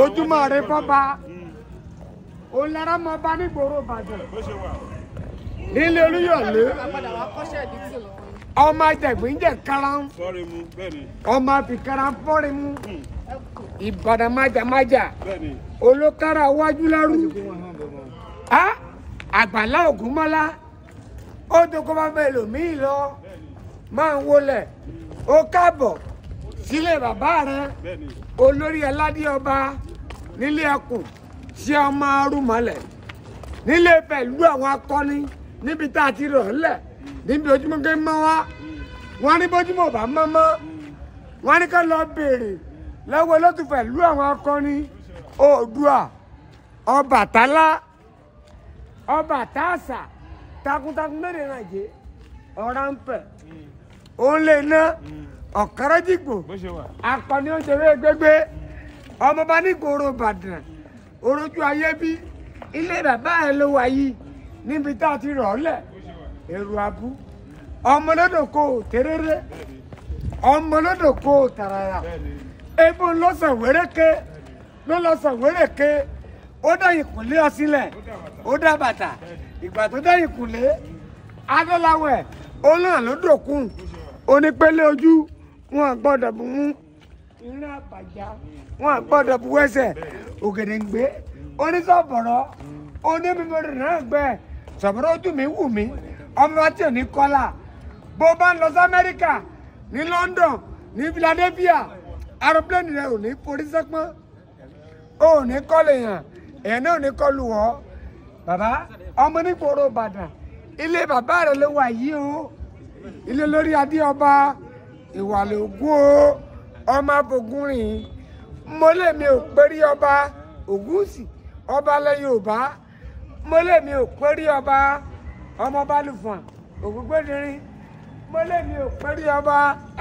ojúmọ́ rẹ bọ́ba olùdarí ọmọ ọba nígboro ìbàdàn nílé olúyọ̀lé ọmọ ìjẹ̀gbín jẹ̀ karan ọmọ àbíkaran fọ́rin mú ìbàdàn májàmájà olókàrà wájú lárú àgbàlá ògúnmọ́lá ó dókòwá bẹ́ẹ̀ lòmíì lọ máa ń wọlé ó káàbọ̀ sílé bàbá rẹ olórí aládé ọba nílé ẹkùn sí ọmọ arúmọlẹ nílé pẹ̀lú àwọn akọni níbi tá a ti rọ̀ ńlẹ̀ níbi ojúmọ́ kí n mọ́ wá wọ́n ní bójúmọ́ bá mọ́ mọ́ wọ́n ní ká lọ béèrè lọ́wọ́ olótù pẹ̀lú àwọn akọni oòdùà ọbàtálá ọbàtásà takuntakun lóde nàìjíríà ọ̀rànpẹ̀ òun lè ná ọ̀kẹ́rẹ́ dìgbò akọni oúnjẹ gbégbé ọmọọba nígboro ìbàdàn orojú ayé bí ilé bàbá ẹ ló wà yìí níbi tá a ti rọ̀ ọ́lẹ̀ èrò abú ọmọ lọ́dọ̀kọ tẹ́rẹ́rẹ́ ọmọ lọ́dọ̀kọ tàràrà ebó ńlọ́sàn wéréke ńlọ́sàn wéréke ó dá ìkùnlé ọsílẹ̀ ó dá bàtà ìgbà tó dá ìkùnlé adọ́láwẹ̀ ó náà ló dòkun onípele ojú wọn gbọ́dọ̀ bù mú iná àbàjá wọn gbọ́dọ̀ bù ẹsẹ̀ ògèdèǹgbé onísọ̀bọ̀rọ̀ onímọ̀rẹ̀ náà gbẹ sọ̀bọ̀rọ̀ ojú mi wù mí ọmọ tí ò ní kọ́là bó bá ń lọ sí amẹ́ríkà ní london ní philadelphia aeroplane rẹ ò ní forí sẹ́pọ́n ò ní kọ́lù yàn èèyàn náà ò ní kọ́lù wọ́ bàbá ọmọ nígboro ìbàdàn ilé bàbá rẹ ló wà yìí o ilé lórí adé ọba ìwàlẹ̀ ògún o ọmọ abogun rìn mo lè mi ò pérí ọba ògúnsì ọba lẹ́yìn òbá mo lè mi ò pérí ọba ọmọ balùfọ̀n ògúngbòdìrín mo lè mi ò pérí ọba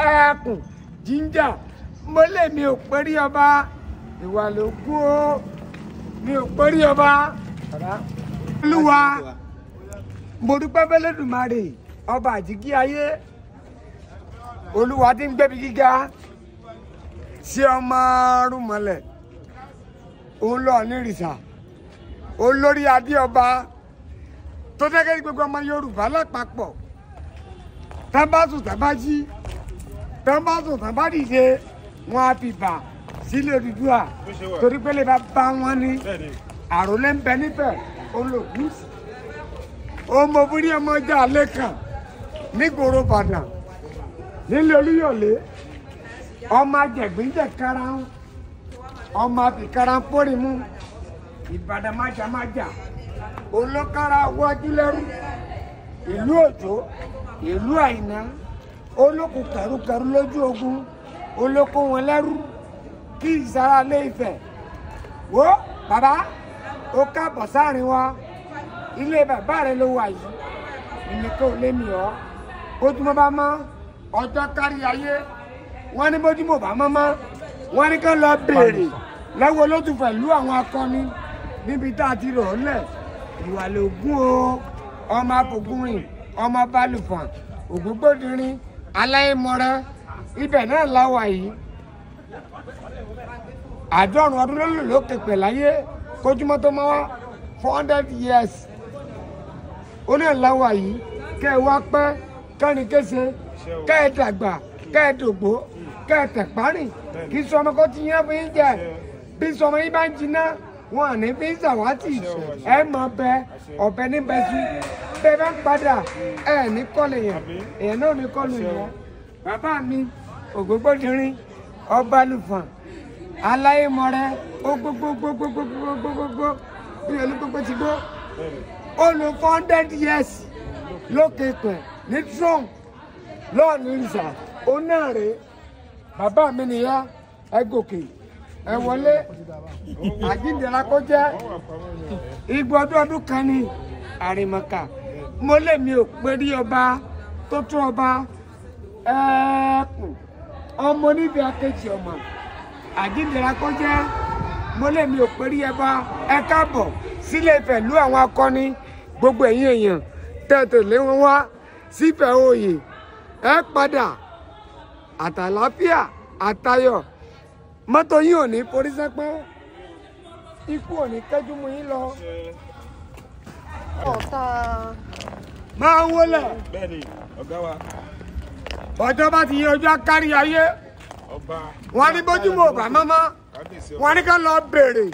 ẹ̀ẹ́kùn jíńjà mo lè mi ò pérí ọba ìwàlẹ̀ o mi ò pérí ọba olúwa mo dúpẹ́ bẹ́lẹ́dùmarè ọba àjíkí ayé olúwa ti ń gbébi gíga sí ọmọ rúmọlẹ̀ òun lọ nírìsà olórí adé ọba tó fẹ́ kẹ́rí gbogbo ọmọ yorùbá lápapọ̀ tá bá sùn tá bá jí tá bá sùn tá bá dìde wọn á fi bà sílé Odùduwà torí pé lè bá bá wọn ní àròlé ń bẹ níbẹ̀ olóògùn ọmọ obìnrin ọmọ ọjà lẹ́kàn nígboro Ìbàdàn nílé olúyọ̀lé ọmọ ajẹ̀gbínjẹ̀ karahun ọmọ abìkarahun pórímù ìbàdàn májàmájà olókàrà wọ́júlẹ́rú ìlú òjò ìlú àìná olókùn kẹrùkẹrù lójú ogun olóko wọn lẹ́rú kí ìsara lé Ifẹ̀ wo bàbá ó káàbọ̀ sáàrin wa ilé bàbá rẹ ló wà yìí ìnìkan ò lé mi ọ́ bójúmọ́ bá mọ́ ọjọ́ kárí ayé wọ́n ní bójú mò bá mọ́mọ́ wọ́n ní kán lọ béèrè lọ́wọ́ olótùfẹ́ ìlú àwọn akọni níbi tá a ti rò ó lẹ̀ ìwà lògùn o ọmọ afọgúnrin ọmọ balùfọ̀n ògúngbòdìrín aláìmọ̀ràn ibẹ̀ náà la wà yìí àádọ́rùn ọdún ló lò lókè pẹ̀ láyé kójúmọ́ tó máa wá four hundred years ó náà la yìí kẹ́ ẹ wá pẹ́ kẹ́rin kése kẹ́ ẹ dàgbà kẹ́ ẹ dògbó kẹ́ ẹ tẹ̀párìn kí sọmọ kó ti yán fún yín jẹ bí sọmọ yín bá ń jiná wọn ní fi ń ṣàwátì ẹ mọ bẹ ọbẹ níbẹ sí bẹ́ẹ̀ bá ń padà ẹ ní kọlù yẹn èèyàn náà ní kọlù yẹn bàbá mi ògbógbòdìrín ọba lùfàn aláyémọrẹ ó gbogbogbogbogbogbogbogbogbò bí olùgbogbo ti gbó ó lo four hundred years lókè pẹ̀ ní trump lọ́ọ̀nù ìsà òun náà rèé bàbá mi nìyá ẹ gòkè ẹ wọlé àjíǹdẹ̀lá kó jẹ́ igbó ọdún ọdún kan ní àrèmọ̀kà mo lè mi ò pé rí ọba tó tún ọba ẹ̀ẹ́kùn ọmọ níbi akéjì ọmọ àjíǹdẹ̀lá kó jẹ́ mo lè mi ò pé rí ẹba ẹ káàbọ̀ pẹ̀lú àwọn akọni gbogbo ẹ̀yin èèyàn tẹ̀tẹ̀ lé wọn wá síbẹ̀ òye ẹ padà àtàlàáfíà àtayọ̀ mọ́tò yín ò ní forí sẹ́pẹ́ ikú ò ní kẹ́jú mu yín lọ ọ̀tá máa ń wọlé. bẹ́ẹ̀ni ọ̀gá wa. ọjọ́ bá ti yẹ ọjọ́ kárí ayé wọ́n ní bójúmọ́ ọ̀bà mọ́mọ́ wọ́n ní ká lọ bèrè.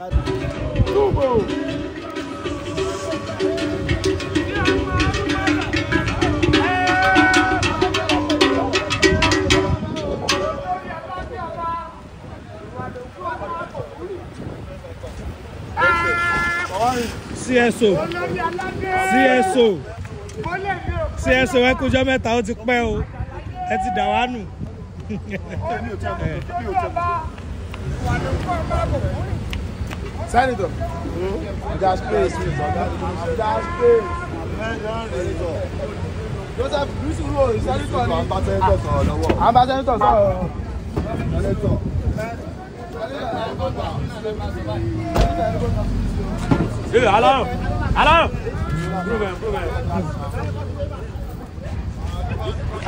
CSO CSO CSO ẹ kújọ mẹ́ta ó ti pẹ́ o ẹ ti dà wá nù. Senator, that's space. That's space. Joseph Bísúrò, Senator ni. Ambassador sọ̀rọ̀ lọ́wọ́. Ambassador sọ̀rọ̀. Yürü Hello. Hello. Prove it, prove it.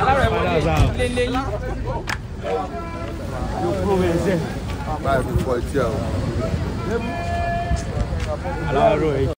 Alára ẹ̀ wọlé prove it ṣe. Báyìí fífọ etí ẹ̀ o. Alára rò